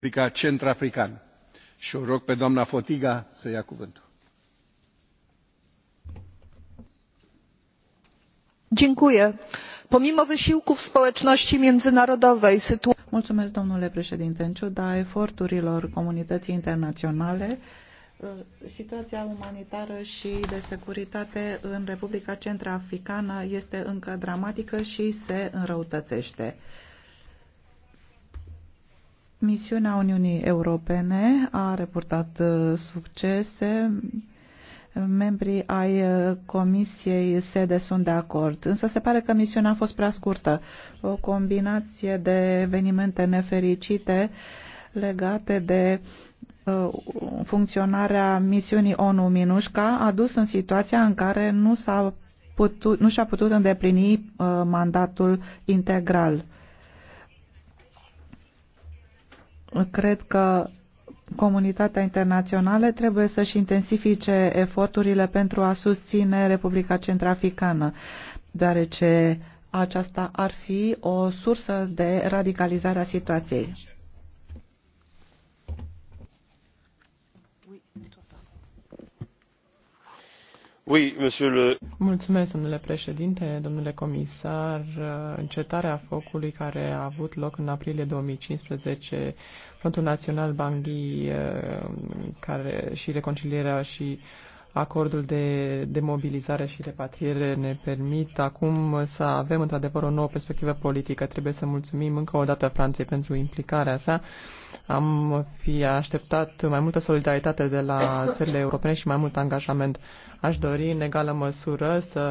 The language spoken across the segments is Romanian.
Republica Centrafricană. Și o rog pe doamna Fotiga să ia cuvântul. Dziękuję. Pomimo wysiłków społeczności międzynarodowej Mulțumesc, domnule președinte. În ciuda eforturilor comunității internaționale, eh, situația umanitară și de securitate în Republica Centrafricană este încă dramatică și se înrăutățește. Misiunea Uniunii Europene a reportat uh, succese. Membrii ai uh, Comisiei sede sunt de acord, însă se pare că misiunea a fost prea scurtă. O combinație de evenimente nefericite legate de uh, funcționarea misiunii ONU Minușca a dus în situația în care nu, s-a putut, nu și-a putut îndeplini mandatul integral Cred că comunitatea internațională trebuie să-și intensifice eforturile pentru a susține Republica Centrafricană, deoarece aceasta ar fi o sursă de radicalizare a situației. Mulțumesc, domnule președinte, domnule comisar. Încetarea focului care a avut loc în aprilie 2015, Frontul Național Banghi eh, care, și Reconcilierea și acordul de, de mobilizare și repatriere ne permit acum să avem într-adevăr o nouă perspectivă politică. Trebuie să mulțumim încă o dată Franței pentru implicarea sa. Am fi așteptat mai multă solidaritate de la țările europene și mai mult angajament. Aș dori în egală măsură să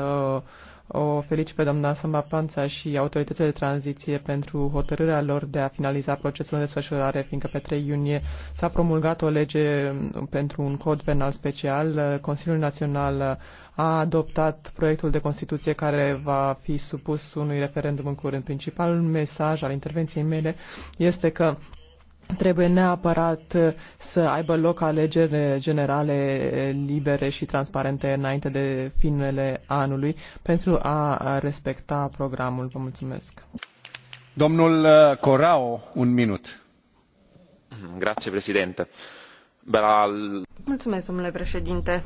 o felici pe doamna Samba Panța și autoritățile de tranziție pentru hotărârea lor de a finaliza procesul în desfășurare, fiindcă pe 3 iunie s-a promulgat o lege um, pentru un cod penal special. Consiliul Național a adoptat proiectul de Constituție care va fi supus unui referendum în curând. Principalul mesaj al intervenției mele este că Trebuie neapărat uh, să aibă loc alegeri generale libere și transparente înainte de finele anului pentru a respecta programul. Vă mulțumesc. Domnul uh, Corao, un minut. Grazie, președinte. Mulțumesc, domnule președinte.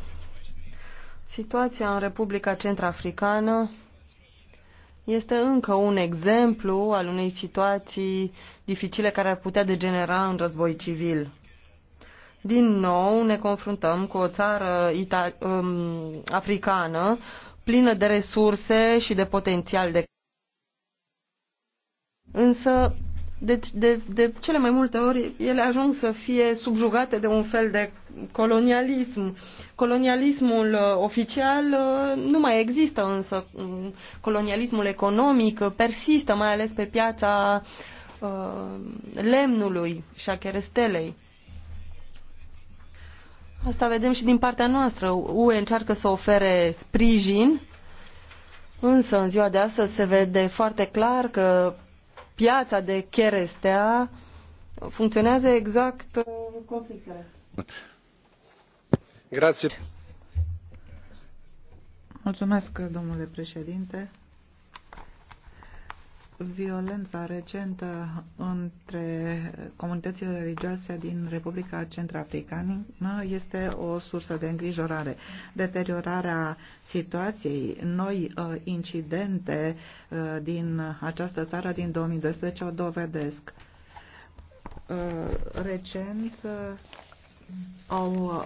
Situația în Republica Centrafricană este încă un exemplu al unei situații dificile care ar putea degenera în război civil. Din nou ne confruntăm cu o țară ita- um, africană plină de resurse și de potențial de. Însă deci, de, de cele mai multe ori, ele ajung să fie subjugate de un fel de colonialism. Colonialismul uh, oficial uh, nu mai există, însă um, colonialismul economic persistă, mai ales pe piața uh, lemnului și a cherestelei. Asta vedem și din partea noastră. UE încearcă să ofere sprijin, însă în ziua de astăzi se vede foarte clar că piața de cherestea funcționează exact uh, conflictele. Grazie. Mulțumesc, domnule președinte. Violența recentă între comunitățile religioase din Republica Centrafricană este o sursă de îngrijorare. Deteriorarea situației, noi uh, incidente uh, din această țară din 2012 o dovedesc. Uh, recent au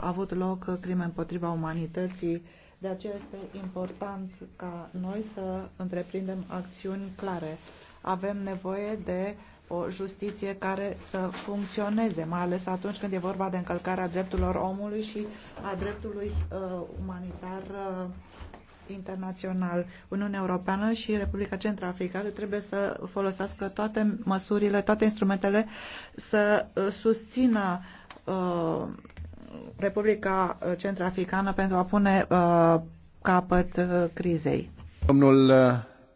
avut loc crime împotriva umanității de aceea este important ca noi să întreprindem acțiuni clare. Avem nevoie de o justiție care să funcționeze, mai ales atunci când e vorba de încălcarea drepturilor omului și a dreptului uh, umanitar uh, internațional. Uniunea Europeană și Republica Centrafricană trebuie să folosească toate măsurile, toate instrumentele să uh, susțină uh, Republica uh, Centrafricană pentru a pune uh, capăt uh, crizei. Domnul uh,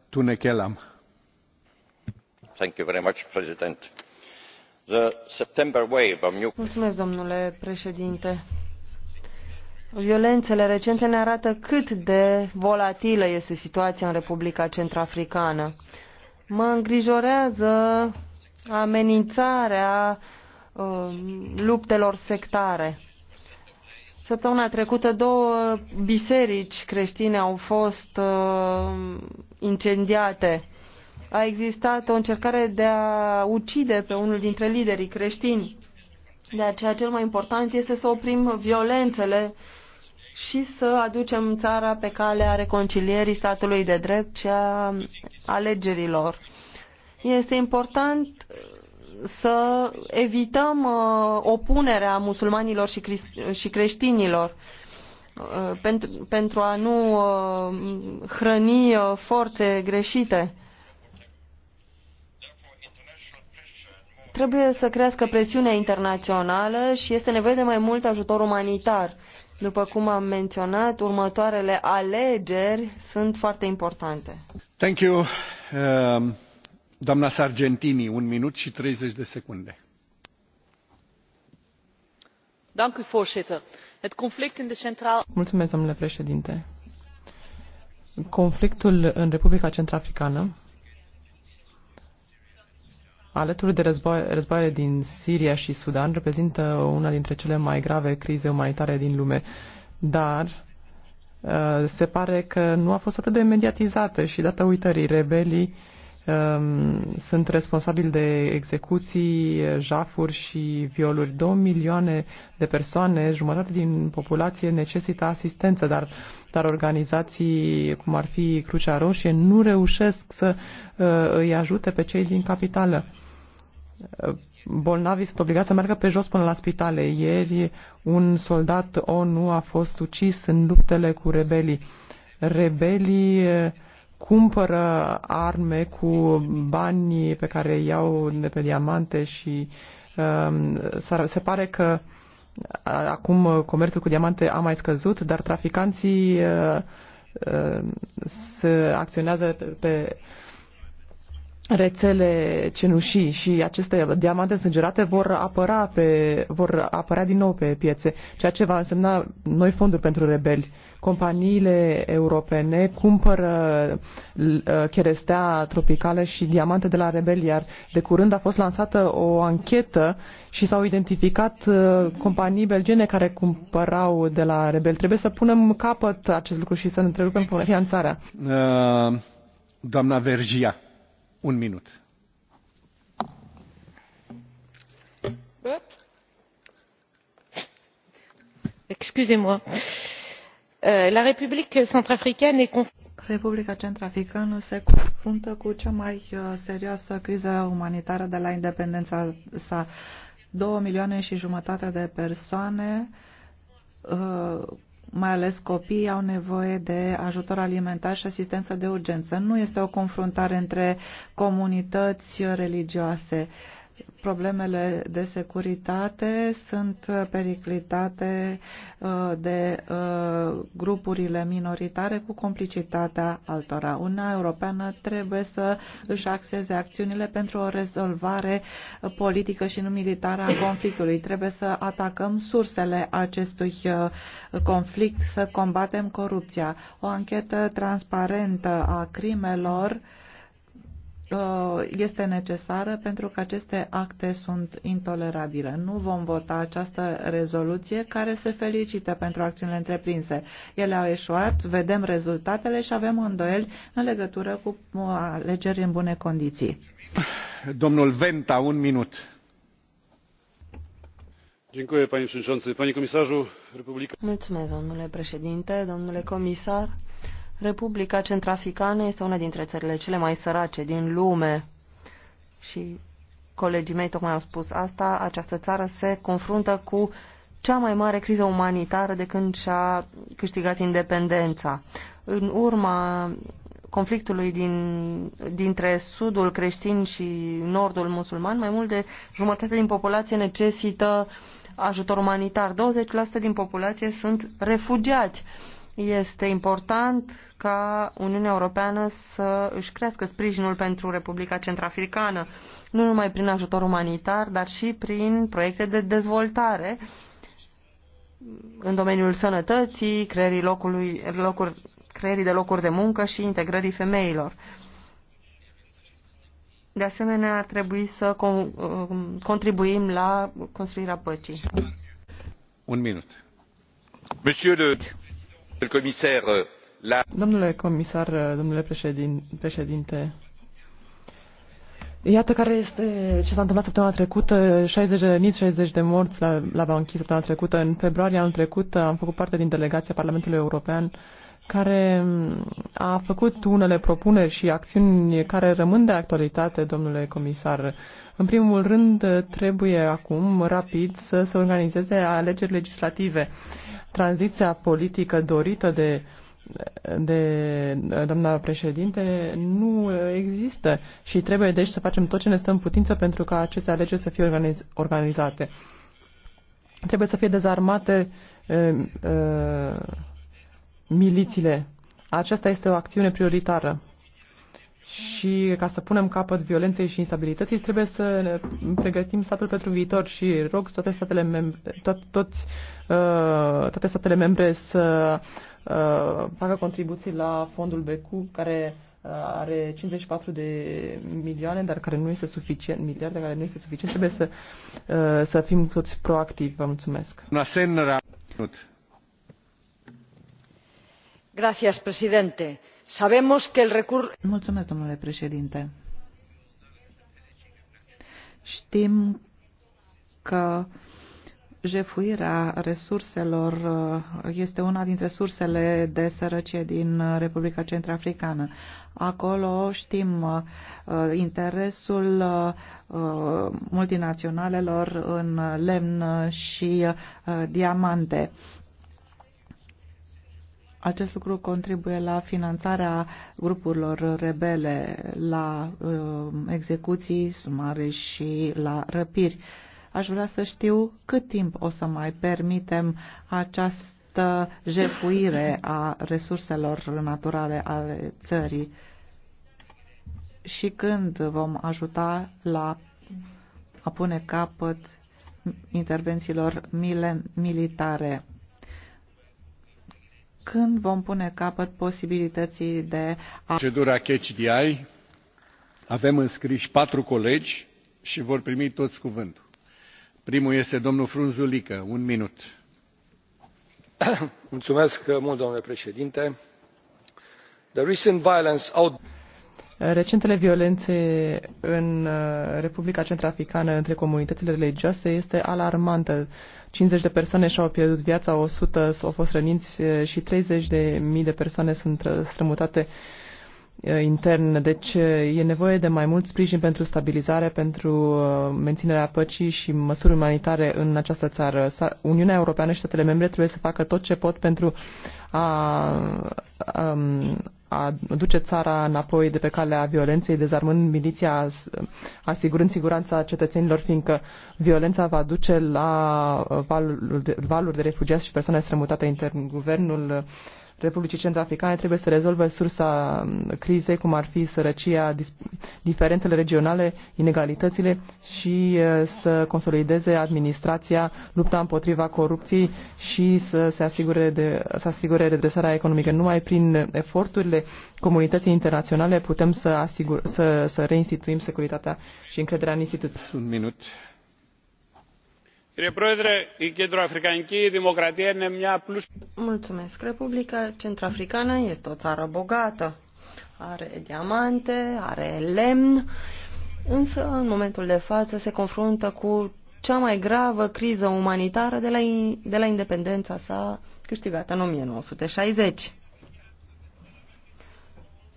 Tunekelam. Thank you very much, President. The September wave of new... Mulțumesc, domnule președinte. Violențele recente ne arată cât de volatilă este situația în Republica Centrafricană. Mă îngrijorează amenințarea uh, luptelor sectare. Săptămâna trecută două biserici creștine au fost uh, incendiate. A existat o încercare de a ucide pe unul dintre liderii creștini. De aceea cel mai important este să oprim violențele și să aducem țara pe calea reconcilierii statului de drept și a alegerilor. Este important să evităm uh, opunerea musulmanilor și, și creștinilor uh, pentru, pentru a nu uh, hrăni forțe greșite. Trebuie să crească presiunea internațională și este nevoie de mai mult ajutor umanitar. După cum am menționat, următoarele alegeri sunt foarte importante. Thank you. Um doamna sargentini un minut și treizeci de secunde. Mulțumesc, domnule președinte. Conflictul în Republica Centrafricană, alături de războaiele din Siria și Sudan, reprezintă una dintre cele mai grave crize umanitare din lume. Dar uh, se pare că nu a fost atât de mediatizată și datorită uitării rebelii Um, sunt responsabili de execuții, jafuri și violuri. Două milioane de persoane, jumătate din populație, necesită asistență, dar, dar organizații cum ar fi Crucea Roșie nu reușesc să uh, îi ajute pe cei din capitală. Uh, bolnavii sunt obligați să meargă pe jos până la spitale. Ieri un soldat ONU a fost ucis în luptele cu rebelii. Rebelii uh, cumpără arme cu banii pe care îi iau de pe diamante și um, se pare că acum comerțul cu diamante a mai scăzut, dar traficanții uh, uh, se acționează pe, pe rețele cenușii și aceste diamante sângerate vor apăra, pe, vor apărea din nou pe piețe, ceea ce va însemna noi fonduri pentru rebeli companiile europene cumpără uh, cherestea tropicală și diamante de la rebeli, iar de curând a fost lansată o anchetă și s-au identificat uh, companii belgene care cumpărau de la rebeli. Trebuie să punem capăt acest lucru și să ne întrerupem finanțarea. Uh, doamna Vergia, un minut. Excusez-moi. Euh, Euh, la République centrafricaine Republica Centrafricană se confruntă cu cea mai uh, serioasă criză umanitară de la independența sa. Două milioane și jumătate de persoane, uh, mai ales copii, au nevoie de ajutor alimentar și asistență de urgență. Nu este o confruntare între comunități religioase. Uh, problemele de securitate sunt periclitate uh, de uh, grupurile minoritare cu complicitatea altora. Uniunea Europeană trebuie să își axeze acțiunile pentru o rezolvare politică și nu militară a conflictului. Trebuie să atacăm sursele acestui uh, conflict, să combatem corupția. O anchetă transparentă a crimelor Uh, este necesară pentru că aceste acte sunt intolerabile. Nu vom vota această rezoluție care se felicită pentru acțiunile întreprinse. Ele au eșuat, vedem rezultatele și avem îndoieli în legătură cu uh, alegeri în bune condiții. Domnul Venta, un minut. Mulțumesc, domnule președinte, domnule comisar. Republica Centrafricană este una dintre țările cele mai sărace din lume și colegii mei tocmai au spus asta, această țară se confruntă cu cea mai mare criză umanitară de când și-a câștigat independența. În urma conflictului din, dintre sudul creștin și nordul musulman, mai mult de jumătate din populație necesită ajutor umanitar. 20% din populație sunt refugiați este important ca Uniunea Europeană să își crească sprijinul pentru Republica Centrafricană, nu numai prin ajutor umanitar, dar și prin proiecte de dezvoltare în domeniul sănătății, creierii, locului, locuri, creierii de locuri de muncă și integrării femeilor. De asemenea, ar trebui să uh, contribuim la construirea păcii. Un minut. Monsieur de Domnule comisar, domnule președinte, Iată care este ce s-a întâmplat săptămâna trecută, 60 de răniți, 60 de morți la, la săptămâna trecută. În februarie anul trecut am făcut parte din delegația Parlamentului European care mm, a făcut unele propuneri și acțiuni care rămân de actualitate, domnule comisar. În primul rând, trebuie acum, rapid, să se organizeze alegeri legislative tranziția politică dorită de de doamna președinte nu există și trebuie deci să facem tot ce ne stă în putință pentru ca aceste alegeri să fie organiz- organizate. Trebuie să fie dezarmate uh, uh, milițiile. Aceasta este o acțiune prioritară și ca să punem capăt violenței și instabilității, trebuie să ne pregătim statul pentru viitor și rog toate statele membre, to- toți, uh, toate statele membre să uh, facă contribuții la fondul BQ, care uh, are 54 de milioane, dar care nu este suficient, miliarde care nu este suficient, trebuie să, uh, să fim toți proactivi. Vă mulțumesc sabemos que el domnule președinte știm că jefuirea resurselor uh, este una dintre sursele de sărăcie din Republica Centrafricană. Acolo știm uh, interesul uh, multinaționalelor în lemn și diamante. Acest lucru contribuie la finanțarea grupurilor rebele, la uh, execuții sumare și la răpiri. Aș vrea să știu cât timp o să mai permitem această jefuire a resurselor naturale ale țării și când vom ajuta la a pune capăt intervențiilor militare când vom pune capăt posibilității de a... Procedura Catch Avem înscriși patru colegi și vor primi toți cuvântul. Primul este domnul Frunzulică. Un minut. Mulțumesc mult, domnule președinte. The recent violence out... Recentele violențe în uh, Republica Centrafricană între comunitățile religioase este alarmantă. 50 de persoane și-au pierdut viața, 100 au fost răniți uh, și 30 de mii de persoane sunt uh, strămutate Uh, intern. Deci uh, e nevoie de mai mult sprijin pentru stabilizare, pentru uh, menținerea păcii și măsuri umanitare în această țară. Uniunea Europeană și statele membre trebuie să facă tot ce pot pentru a, a, um, a duce țara înapoi de pe calea violenței, dezarmând miliția, asigurând siguranța cetățenilor, fiindcă violența va duce la valuri de, valuri de refugiați și persoane strămutate intern. Guvernul uh, Republicii Centrafricane trebuie să rezolve sursa crizei, cum ar fi sărăcia, diferențele regionale, inegalitățile și să consolideze administrația, lupta împotriva corupției și să se asigure, de, să asigure redresarea economică. Numai prin eforturile comunității internaționale putem să, asigur, să, să reinstituim securitatea și încrederea în instituții. Un minut. Republica Centrafricană este o țară bogată. Are diamante, are lemn, însă în momentul de față se confruntă cu cea mai gravă criză umanitară de la, independența sa câștigată în șaizeci.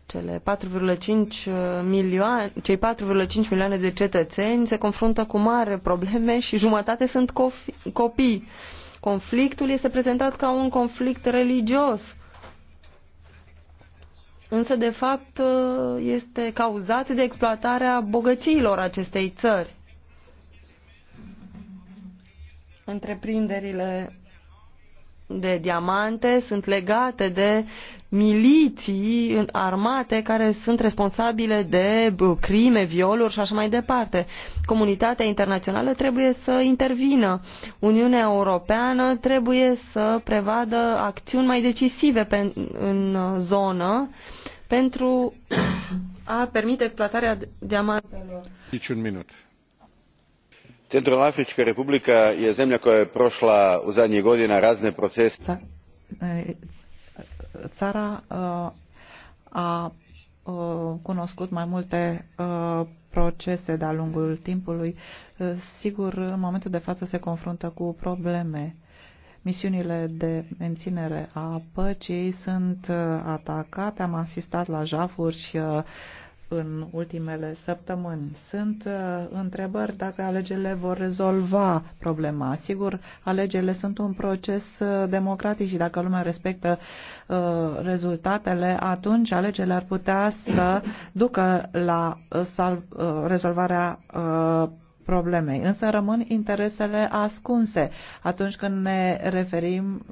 Cele 4,5 uh, milioane, cei 4,5 milioane de cetățeni se confruntă cu mari probleme și jumătate sunt copii. Conflictul este prezentat ca un conflict religios. Însă, de fapt, uh, este cauzat de exploatarea bogățiilor acestei țări întreprinderile de diamante sunt legate de miliții armate care sunt responsabile de crime, violuri și așa mai departe. Comunitatea internațională trebuie să intervină. Uniunea Europeană trebuie să prevadă acțiuni mai decisive pe, în zonă pentru a permite exploatarea diamantelor. un minut centralnoafrička republika je zemlja koja je prošla u zadnjih godina razne procese țara a cunoscut mai multe procese de-a lungul timpului. Sigur, în momentul de față se confruntă cu probleme. Misiunile de menținere a păcii sunt atacate. Am asistat la jafuri și în ultimele săptămâni. Sunt uh, întrebări dacă alegerile vor rezolva problema. Sigur, alegerile sunt un proces uh, democratic și dacă lumea respectă uh, rezultatele, atunci alegerile ar putea să ducă la rezolvarea problemei, însă rămân interesele ascunse atunci când ne referim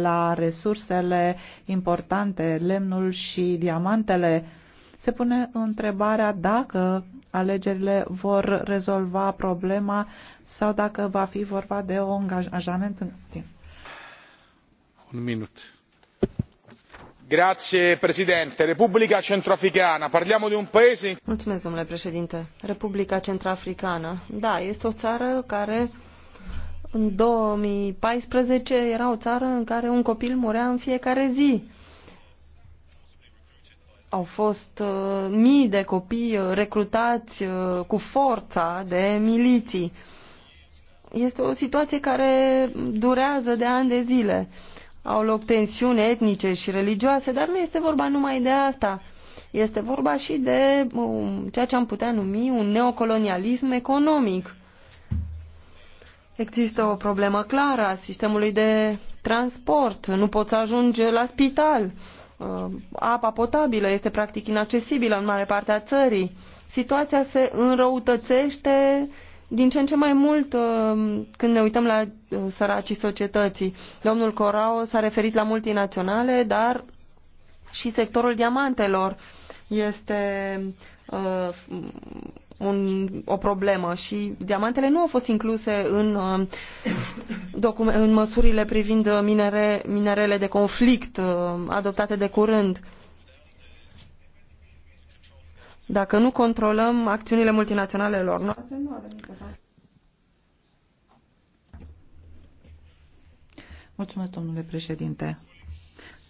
la resursele importante, lemnul și diamantele uh, se pune întrebarea dacă alegerile vor rezolva problema sau dacă va fi vorba de un angajament în timp. Un minut. Grazie, președinte. Republica Centrafricană. Parliamo de un paese... Mulțumesc, domnule președinte. Republica Centroafricană. Da, este o țară care în 2014 era o țară în care un copil murea în fiecare zi au fost uh, mii de copii uh, recrutați uh, cu forța de miliții. Este o situație care durează de ani de zile. Au loc tensiuni etnice și religioase, dar nu este vorba numai de asta. Este vorba și de um, ceea ce am putea numi un neocolonialism economic. Există o problemă clară a sistemului de transport. Nu poți ajunge la spital Uh, apa potabilă este practic inaccesibilă în mare parte a țării. Situația se înrăutățește din ce în ce mai mult uh, când ne uităm la uh, săracii societății. Domnul Corao s-a referit la multinaționale, dar și sectorul diamantelor este un, o problemă și diamantele nu au fost incluse în, uh, în măsurile privind uh, minere, minerele de conflict uh, adoptate de curând. Dacă nu controlăm acțiunile multinaționale lor, nu, Mulțumesc, domnule președinte.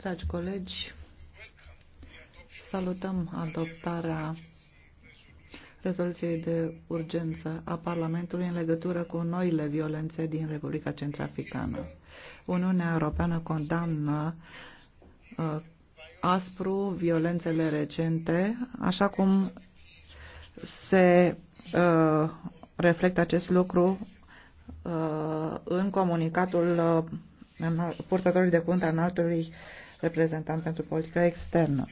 Dragi colegi, salutăm adoptarea rezoluției de urgență a Parlamentului în legătură cu noile violențe din Republica Centrafricană. Uniunea Europeană condamnă uh, aspru violențele recente, așa cum se uh, reflectă acest lucru uh, în comunicatul uh, în purtătorului de cuvânt al înaltului reprezentant pentru politică externă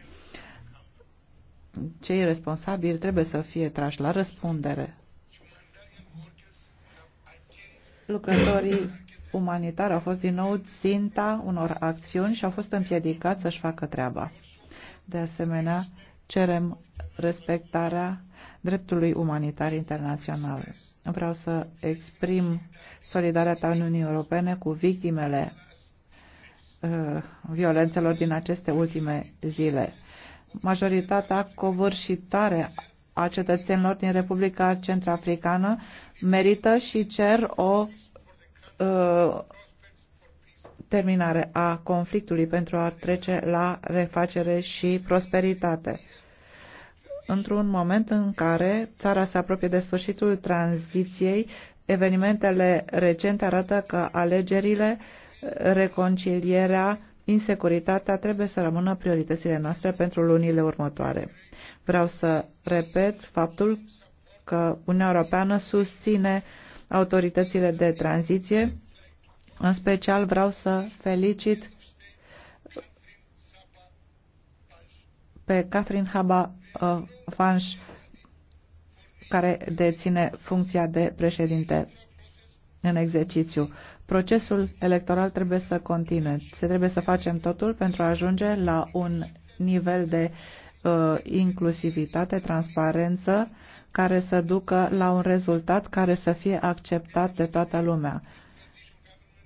cei responsabili trebuie să fie trași la răspundere. Lucrătorii umanitari au fost din nou ținta unor acțiuni și au fost împiedicați să-și facă treaba. De asemenea, cerem respectarea dreptului umanitar internațional. Vreau să exprim solidaritatea Uniunii Europene cu victimele uh, violențelor din aceste ultime zile majoritatea covârșitare a cetățenilor din Republica Centrafricană merită și cer o uh, terminare a conflictului pentru a trece la refacere și prosperitate. Într-un moment în care țara se apropie de sfârșitul tranziției, evenimentele recente arată că alegerile, reconcilierea, Insecuritatea trebuie să rămână prioritățile noastre pentru lunile următoare. Vreau să repet faptul că Uniunea Europeană susține autoritățile de tranziție. În special vreau să felicit pe Catherine Haba uh, care deține funcția de președinte în exercițiu. Procesul electoral trebuie să continue. Se trebuie să facem totul pentru a ajunge la un nivel de uh, inclusivitate, transparență, care să ducă la un rezultat care să fie acceptat de toată lumea.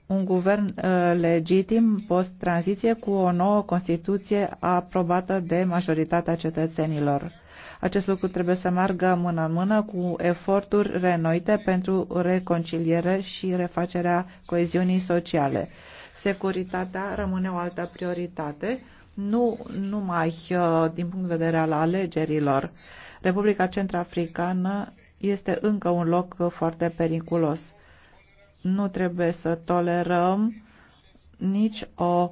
Un guvern uh, legitim post-tranziție cu o nouă Constituție aprobată de majoritatea cetățenilor acest lucru trebuie să meargă mână în mână cu eforturi renoite pentru reconciliere și refacerea coeziunii sociale. Securitatea rămâne o altă prioritate, nu numai uh, din punct de vedere al alegerilor. Republica Centrafricană este încă un loc uh, foarte periculos. Nu trebuie să tolerăm nici o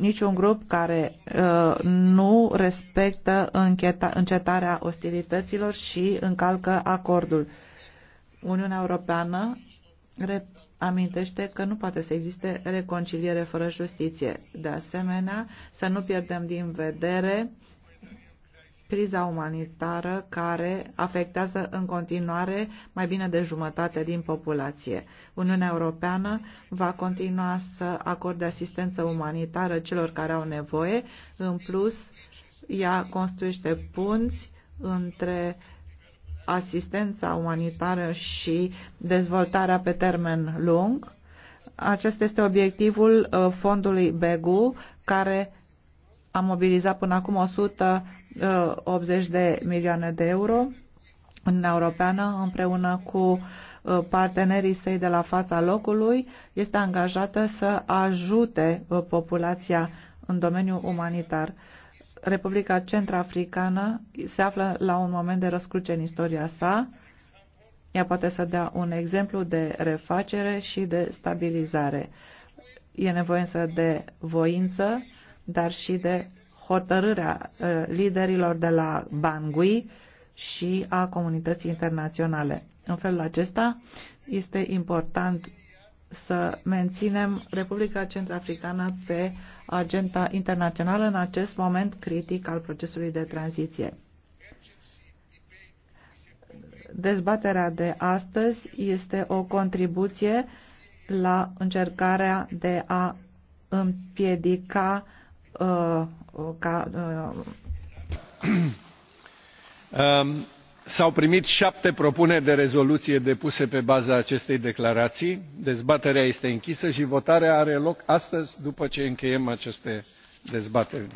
niciun grup care uh, nu respectă încheta, încetarea ostilităților și încalcă acordul. Uniunea Europeană amintește că nu poate să existe reconciliere fără justiție. De asemenea, să nu pierdem din vedere uh, criza umanitară care afectează în continuare mai bine de jumătate din populație. Uniunea Europeană va continua să acorde asistență umanitară celor care au nevoie. În plus, ea construiește punți între asistența umanitară și dezvoltarea pe termen lung. Acesta este obiectivul uh, fondului BEGU, care a mobilizat până acum 180 uh, de milioane de euro în Europeană împreună cu uh, partenerii săi de la fața locului este angajată să ajute uh, populația în domeniul umanitar. Republica Centrafricană se află la un moment de răscruce în istoria sa. Ea poate să dea un exemplu de refacere și de stabilizare. E nevoie însă de voință, dar și de hotărârea uh, liderilor de la Bangui și a comunității internaționale. În felul acesta este important să menținem Republica Centrafricană pe agenda internațională în acest moment critic al procesului de tranziție. Dezbaterea de astăzi este o contribuție la încercarea de a împiedica uh, Uh, uh, um, s-au primit șapte propuneri de rezoluție depuse pe baza acestei declarații. Dezbaterea este închisă și votarea are loc astăzi după ce încheiem aceste dezbateri.